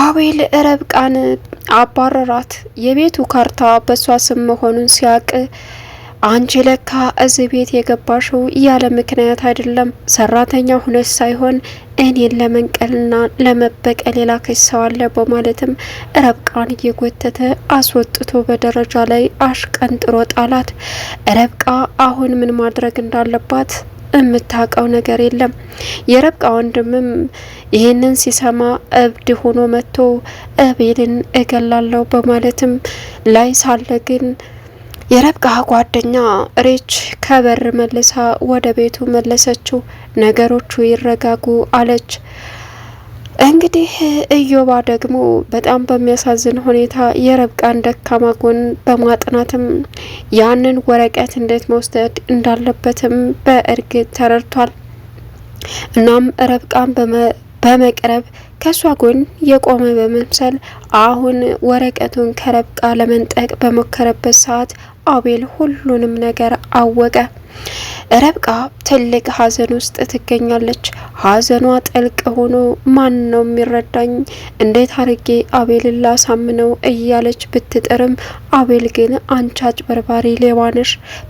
አቤል ረብቃን አባረራት። የቤቱ ካርታ በሷ ስም መሆኑን ሲያቅ አንቺ ለካ እዚህ ቤት የገባሽው ያለ ምክንያት አይደለም፣ ሰራተኛ ሁነሽ ሳይሆን እኔን ለመንቀልና ለመበቀል የላከች ሰው አለ በማለትም ረብቃን እየጎተተ አስወጥቶ በደረጃ ላይ አሽቀንጥሮ ጣላት። ረብቃ አሁን ምን ማድረግ እንዳለባት የምታውቀው ነገር የለም። የረብቃ ወንድምም ይህንን ሲሰማ እብድ ሆኖ መጥቶ እቤልን እገላለሁ በማለትም ላይ ሳለ ግን የረብቃ ጓደኛ ሬች ከበር መልሳ ወደ ቤቱ መለሰችው። ነገሮቹ ይረጋጉ አለች። እንግዲህ እዮባ ደግሞ በጣም በሚያሳዝን ሁኔታ የረብቃን ደካማ ጎን በማጥናትም ያንን ወረቀት እንዴት መውሰድ እንዳለበትም በእርግጥ ተረድቷል። እናም ረብቃን በመቅረብ ከሷ ጎን የቆመ በመምሰል አሁን ወረቀቱን ከረብቃ ለመንጠቅ በሞከረበት ሰዓት አቤል ሁሉንም ነገር አወቀ። ረብቃ ትልቅ ሐዘን ውስጥ ትገኛለች። ሐዘኗ ጥልቅ ሆኖ ማን ነው የሚረዳኝ? እንዴት አርጌ አቤልን ላሳምነው እያለች ብትጥርም አቤል ግን አንቺ አጭበርባሪ ሌባ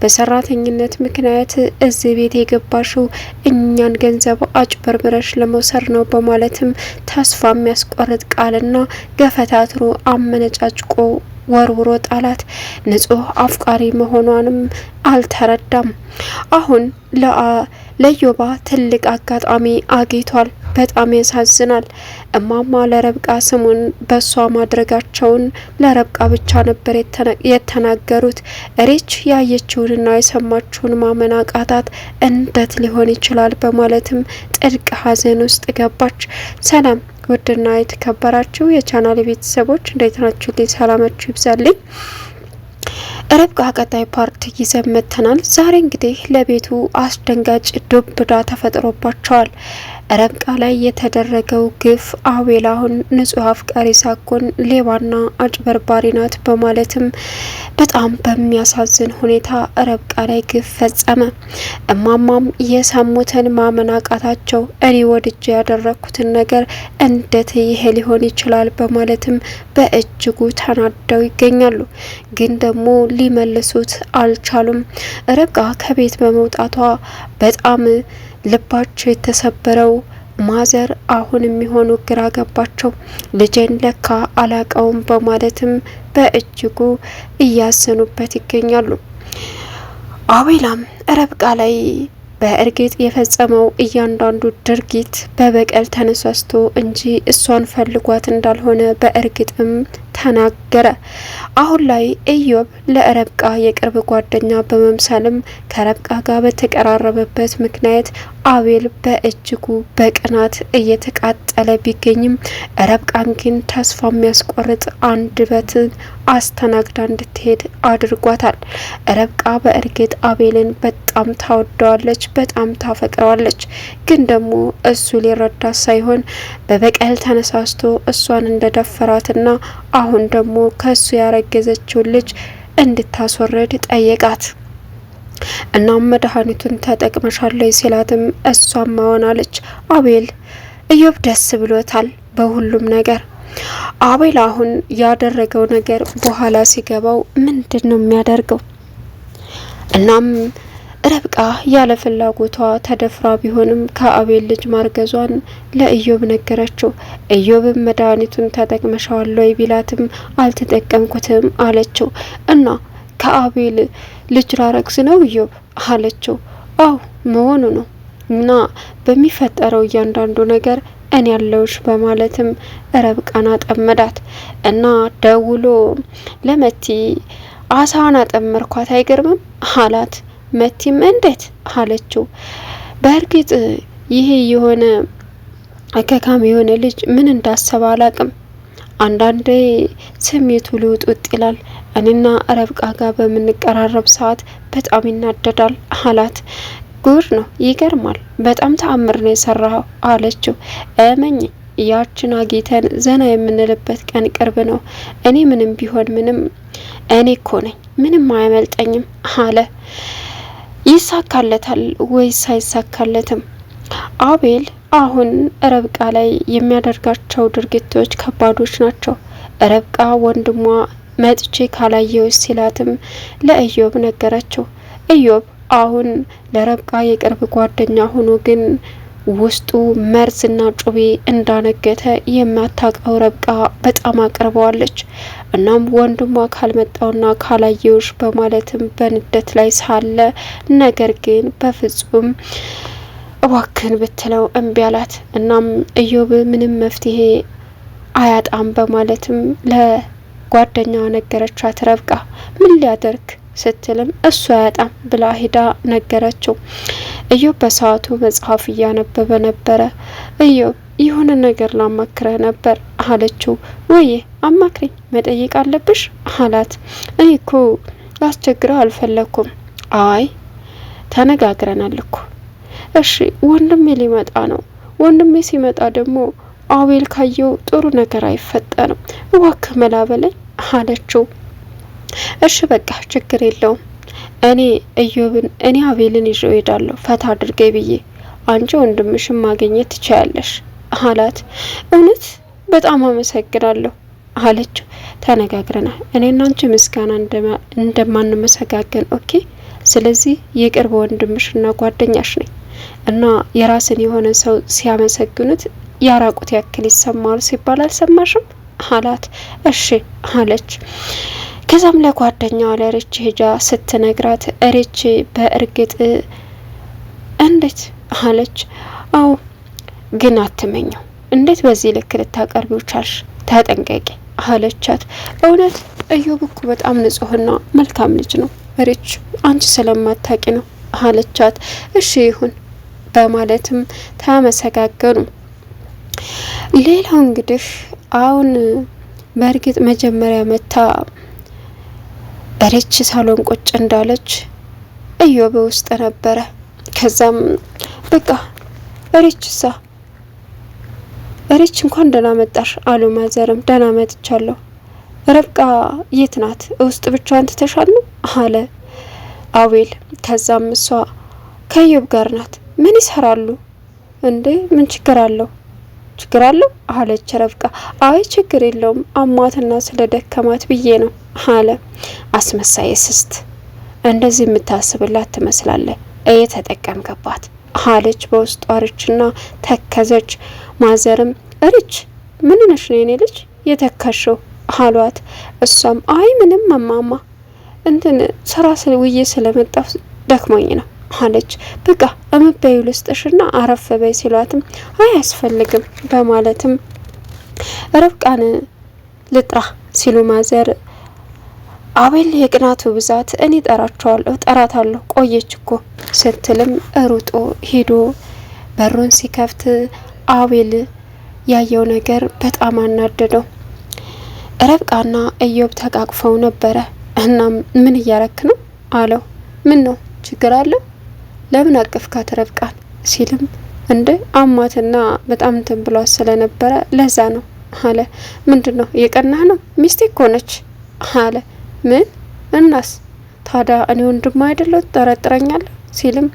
በሰራተኝነት ምክንያት እዚህ ቤት የገባሽው እኛን ገንዘብ አጭበርብረሽ ለመውሰድ ነው በማለትም ተስፋ የሚያስቆርጥ ቃልና ገፈታትሮ አመነጫጭቆ ወርውሮ ጣላት። ንጹህ አፍቃሪ መሆኗንም አልተረዳም። አሁን ለዮባ ትልቅ አጋጣሚ አግኝቷል። በጣም ያሳዝናል። እማማ ለረብቃ ስሙን በሷ ማድረጋቸውን ለረብቃ ብቻ ነበር የተናገሩት። ሬች ያየችውንና የሰማችውን ማመን አቃታት። እንዴት ሊሆን ይችላል በማለትም ጥልቅ ሐዘን ውስጥ ገባች። ሰላም ውድና የተከበራችሁ የቻናል ቤተሰቦች እንዴት ናችሁ? ልኝ ሰላማችሁ ይብዛልኝ። ርብቃ ቀጣይ ፓርት ይዘን ዛሬ እንግዲህ ለቤቱ አስደንጋጭ ዱብ እዳ ተፈጥሮባቸዋል። ረብቃ ላይ የተደረገው ግፍ አቤል አሁን ንጹህ አፍቃሪ ሳኮን ሌባና አጭበርባሪ ናት በማለትም በጣም በሚያሳዝን ሁኔታ ረብቃ ላይ ግፍ ፈጸመ። እማማም የሰሙትን ማመን አቃታቸው። እኔ ወድጄ ያደረግኩትን ነገር እንዴት ይሄ ሊሆን ይችላል? በማለትም በእጅጉ ተናደው ይገኛሉ። ግን ደግሞ ሊመልሱት አልቻሉም። ረብቃ ከቤት በመውጣቷ በጣም ልባቸው የተሰበረው ማዘር አሁን የሚሆኑ ግራ ገባቸው። ልጄን ለካ አላቀውም በማለትም በእጅጉ እያዘኑበት ይገኛሉ። አቤላም ረብቃ ላይ በእርግጥ የፈጸመው እያንዳንዱ ድርጊት በበቀል ተነሳስቶ እንጂ እሷን ፈልጓት እንዳልሆነ በእርግጥም ተናገረ። አሁን ላይ ኢዮብ ለረብቃ የቅርብ ጓደኛ በመምሰልም ከረብቃ ጋር በተቀራረበበት ምክንያት አቤል በእጅጉ በቅናት እየተቃጠለ ቢገኝም ረብቃን ግን ተስፋ የሚያስቆርጥ አንደበትን አስተናግዳ እንድትሄድ አድርጓታል። ረብቃ በእርግጥ አቤልን በጣም ታወደዋለች፣ በጣም ታፈቅረዋለች። ግን ደግሞ እሱ ሊረዳ ሳይሆን በበቀል ተነሳስቶ እሷን እንደደፈራትና አሁን ደግሞ ከሱ ያረገዘችውን ልጅ እንድታስወርድ ጠየቃት። እናም መድኃኒቱን ተጠቅመሻለች ሲላትም እሷም ማሆናለች። አቤል እዮብ ደስ ብሎታል በሁሉም ነገር። አቤል አሁን ያደረገው ነገር በኋላ ሲገባው ምንድን ነው የሚያደርገው? እናም ረብቃ ያለ ፍላጎቷ ተደፍራ ቢሆንም ከአቤል ልጅ ማርገዟን ለኢዮብ ነገረችው። ኢዮብም መድኃኒቱን ተጠቅመሻዋል ወይ ቢላትም አልተጠቀምኩትም አለችው እና ከአቤል ልጅ ላረግዝ ነው እዮብ አለችው። አው መሆኑ ነው እና በሚፈጠረው እያንዳንዱ ነገር እኔ ያለውሽ በማለትም ረብቃን አጠመዳት እና ደውሎ ለመቲ አሳዋን አጠመርኳት አይገርምም አላት። መቲም እንዴት አለችው። በእርግጥ ይሄ የሆነ ከካም የሆነ ልጅ ምን እንዳሰበ አላቅም አንዳንዴ ስሜቱ ልውጥውጥ ይላል። እኔና ረብቃ ጋር በምንቀራረብ ሰዓት በጣም ይናደዳል አላት። ጉር ነው ይገርማል። በጣም ተአምር ነው የሰራው አለችው። እመኝ ያችን አጊተን ዘና የምንልበት ቀን ቅርብ ነው። እኔ ምንም ቢሆን ምንም እኔ እኮ ነኝ፣ ምንም አያመልጠኝም አለ። ይሳካለታል ወይስ አይሳካለትም? አቤል አሁን ረብቃ ላይ የሚያደርጋቸው ድርጊቶች ከባዶች ናቸው። ረብቃ ወንድሟ መጥቼ ካላየው ሲላትም ለኢዮብ ነገረችው። ኢዮብ አሁን ለረብቃ የቅርብ ጓደኛ ሆኖ ግን ውስጡ መርዝና ጩቤ እንዳነገተ የማታውቀው ረብቃ በጣም አቅርበዋለች። እናም ወንድሟ ካልመጣውና ካላየውሽ በማለትም በንደት ላይ ሳለ ነገር ግን በፍጹም እባክህን ብትለው እምቢ አላት። እናም እዮብ ምንም መፍትሄ አያጣም በማለትም ለጓደኛዋ ነገረቻት። ረብቃ ምን ሊያደርግ ስትልም እሱ አያጣም ብላ ሂዳ ነገረችው። እዮብ በሰዓቱ መጽሐፍ እያነበበ ነበረ። እዮብ የሆነ ነገር ላማክረህ ነበር አለችው። ወይ አማክሪኝ፣ መጠየቅ አለብሽ አላት። እኔ እኮ ላስቸግረው አልፈለግኩም። አይ ተነጋግረናል እኮ እሺ ወንድሜ ሊመጣ ነው። ወንድሜ ሲመጣ ደግሞ አቤል ካየው ጥሩ ነገር አይፈጠርም። እዋክ መላበለኝ አለችው። እሺ በቃ ችግር የለውም እኔ እዮብን እኔ አቤልን ይዤው ሄዳለሁ ፈታ አድርገኝ ብዬ አንቺ ወንድምሽን ማግኘት ትችያለሽ አላት። እውነት በጣም አመሰግናለሁ አለችው። ተነጋግረናል እኔ እናንቺ ምስጋና እንደማንመሰጋገን ኦኬ። ስለዚህ የቅርብ ወንድምሽና ጓደኛሽ ነኝ እና የራስን የሆነ ሰው ሲያመሰግኑት ያራቁት ያክል ይሰማሉ ሲባል አልሰማሽም አላት። እሺ አለች። ከዛም ለጓደኛዋ ለሬች ሄጃ ስትነግራት ሬች በእርግጥ እንዴት አለች። አው ግን አትመኘው እንዴት በዚህ ልክ ልታቀርቢው ቻልሽ? ተጠንቀቂ አለቻት። በእውነት እዮብ እኮ በጣም ንጹህና መልካም ልጅ ነው እሬች አንቺ ስለማታቂ ነው አለቻት። እሺ ይሁን በማለትም ተመሰጋገኑ። ሌላው እንግዲህ አሁን በእርግጥ መጀመሪያ መታ ሪች ሳሎን ቁጭ እንዳለች እዮብ ውስጥ ነበረ። ከዛም በቃ ሪች ሳ ሪች እንኳን ደህና መጣሽ አሉ። ማዘርም ደህና መጥቻለሁ። ረብቃ የት ናት? ውስጥ ብቻዋን ትተሻል አለ አቤል። ከዛም እሷ ከዮብ ጋር ናት ምን ይሰራሉ እንዴ? ምን ችግር አለው? ችግር አለው አለች ረብቃ። አይ ችግር የለውም አሟትና ስለ ደከማት ብዬ ነው አለ። አስመሳይ ስስት፣ እንደዚህ የምታስብላት ትመስላለህ፣ እየተጠቀምከባት አለች በውስጧ ርችና ተከዘች። ማዘርም እርች ምን ነሽ ነው የኔ ልጅ የተከሽው አሏት። እሷም አይ ምንም መማማ እንትን ስራ ውዬ ስለመጣሁ ደክሞኝ ነው አለች። በቃ እምበዩ ልስጥሽና አረፍ በይ ሲሏትም አያስፈልግም በማለትም ርብቃን ልጥራ ሲሉ ማዘር አቤል የቅናቱ ብዛት እኔ ጠራቸዋለሁ ጠራታለሁ ቆየች እኮ ስትልም ሩጦ ሄዶ በሩን ሲከፍት አቤል ያየው ነገር በጣም አናደደው። ረብቃና እዮብ ተቃቅፈው ነበረ። እናም ምን እያረክ ነው አለው። ምን ነው ችግር አለው ለምን አቀፍካት ረብቃን ሲልም እንደ አማትና በጣም እንትን ብሏት ስለነበረ ለዛ ነው አለ። ምንድን ነው የቀናህ ነው? ሚስቴ እኮ አለ። ምን እናስ ታዲያ እኔ ወንድማ አይደለሁ ትጠረጥረኛለህ? ሲልም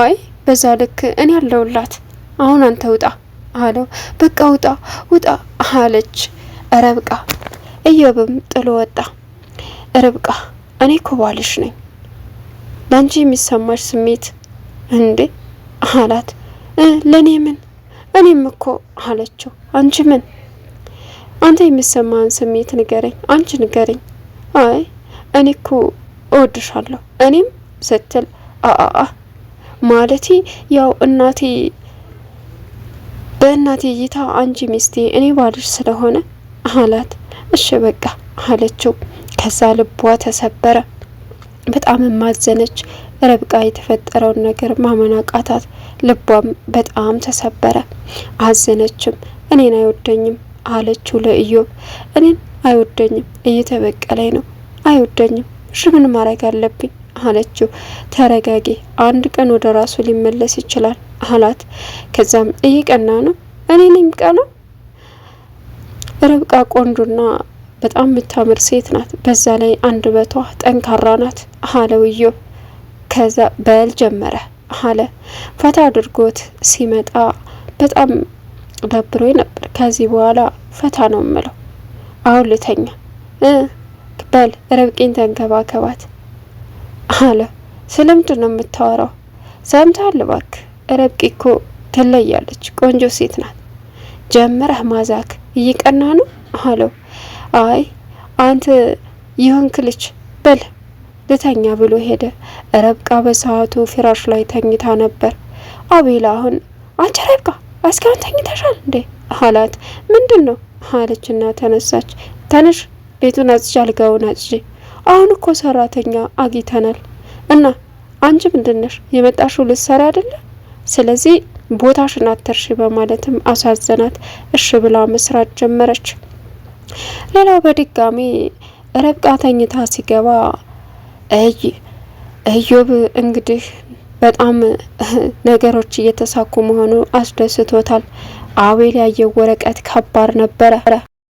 አይ በዛ ልክ እኔ ያለውላት አሁን አንተ ውጣ አለው። በቃ ውጣ ውጣ አለች ረብቃ። እዮብም ጥሎ ወጣ። ርብቃ እኔ ኮባልሽ ነኝ። ለአንቺ የሚሰማሽ ስሜት እንዴ አላት። ለእኔ ምን እኔም እኮ አለችው። አንቺ ምን አንተ የምሰማን ስሜት ንገረኝ፣ አንቺ ንገረኝ። አይ እኔ እኮ እወድሻለሁ እኔም ስትል አአአ ማለቴ ያው እናቴ በእናቴ እይታ አንቺ ሚስቴ እኔ ባልሽ ስለሆነ አላት። እሺ በቃ አለችው። ከዛ ልቧ ተሰበረ። በጣም ማዘነች። ረብቃ የተፈጠረውን ነገር ማመን አቃታት። ልቧም በጣም ተሰበረ፣ አዘነችም። እኔን አይወደኝም አለችው ለኢዮብ። እኔን አይወደኝም፣ እየተበቀለኝ ነው፣ አይወደኝም። እሺ ምን ማድረግ አለብኝ አለችው። ተረጋጊ፣ አንድ ቀን ወደ ራሱ ሊመለስ ይችላል አላት። ከዛም እየቀና ነው፣ እኔ ነኝ ቀና። ረብቃ ቆንጆና በጣም የምታምር ሴት ናት፣ በዛ ላይ በቷ ጠንካራ ናት አለው ኢዮብ። ከዛ በል ጀመረ አለ። ፈታ አድርጎት ሲመጣ በጣም ደብሮ ነበር። ከዚህ በኋላ ፈታ ነው ምለው። አሁን ልተኛ በል ርብቃን ተንከባከባት አለ። ስለምንድን ነው የምታወራው? ሰምተሃል እባክህ ርብቃ እኮ ትለያለች፣ ቆንጆ ሴት ናት። ጀምረህ ማዛክ እየቀና ነው አለው። አይ አንተ ይሁን ክልች በል ልተኛ ብሎ ሄደ። ረብቃ በሰዓቱ ፍራሽ ላይ ተኝታ ነበር። አቤላ አሁን አንቺ ረብቃ እስካሁን ተኝተሻል እንዴ አላት። ምንድን ነው አለችና ተነሳች። ተነሽ ቤቱን አጽጂ፣ አልጋውን አጽጂ። አሁን እኮ ሰራተኛ አግኝተናል እና አንቺ ምንድነሽ የመጣሽው ልትሰሪ አይደለ? ስለዚህ ቦታሽን አትርሺ በማለትም አሳዘናት። እሺ ብላ መስራት ጀመረች። ሌላው በድጋሚ ረብቃ ተኝታ ሲገባ እዮብ እንግዲህ በጣም ነገሮች እየተሳኩ መሆኑ አስደስቶታል። አቤል ያየው ወረቀት ከባድ ነበረ።